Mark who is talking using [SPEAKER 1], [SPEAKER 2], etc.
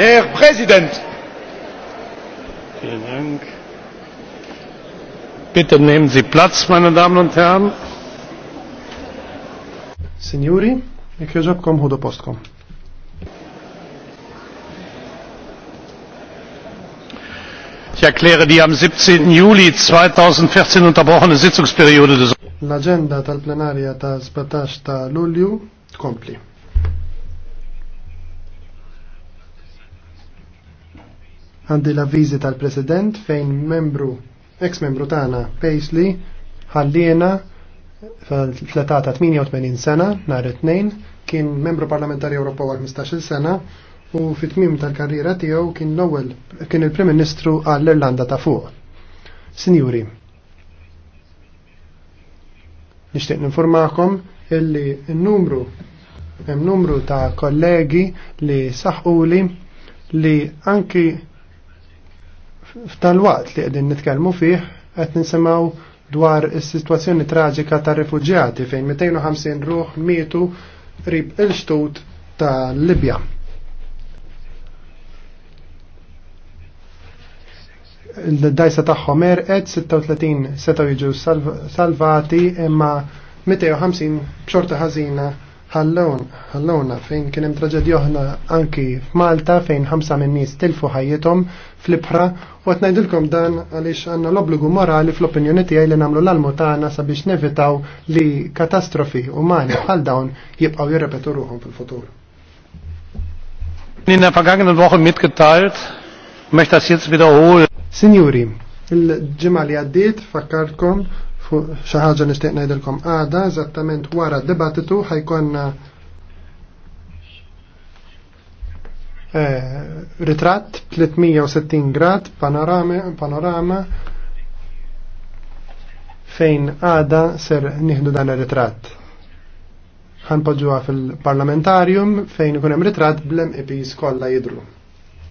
[SPEAKER 1] Herr Präsident! Vielen
[SPEAKER 2] Dank. Bitte nehmen Sie Platz, meine Damen und Herren.
[SPEAKER 1] Signori, ich jekk jogħġobkom ħodu postkom. Ich
[SPEAKER 2] erkläre die am 17. Juli 2014 unterbrochene Sitzungsperiode des
[SPEAKER 1] L'agenda tal plenaria tal 17 ta' Lulju kompli. għandi la vizi tal-President fejn membru, ex-membru tagħna Paisley ħalliena fl-età 88 sena nhar it-tnejn kien membru parlamentari Ewropa għal 15-il sena u fit-tmim tal-karriera tiegħu kien l-ewwel kien il-Prim Ministru għall-Irlanda ta' fuq. Sinjuri, nixtieq informakom illi n-numru hemm numru ta' kollegi li saħquli li anki F'tal-waqt li qegħdin nitkellmu fih qed nisimgħu dwar is-sitwazzjoni traġika ta' rifuġjati fejn 250 ruħ mietu qrib il-xtut ta' Libja. Il-dajsa tagħhom erqed 36 setgħu jiġu salvati imma 250 b'xorta ħażina ħallowna fejn kien hemm traġedja oħra anki f'Malta fejn ħamsa minn nies tilfu ħajjithom fl-ibħra u qed ngħidilkom dan għaliex għandna l-obbligu morali fl-opinjoni tiegħi li nagħmlu l-almu tagħna sabiex nevitaw li katastrofi umani bħal dawn jibqgħu jirrepetu ruhom fil-futur.
[SPEAKER 2] In der vergangenen Woche mitgeteilt, möchte das jetzt wiederholen.
[SPEAKER 1] Signori, il-ġimgħa li għaddiet fakkarkom xaħġa xi ħaġa nixtieq ngħidilkom għada eżattament wara d-dibattitu ħajkonna eh, ritrat 360 grad panorama, panorama fejn għada ser nieħdu dan ir-ritratt. Ħanpoġġuha fil-parlamentarium fejn ikun hemm ritratt blem ipis kollha jidru.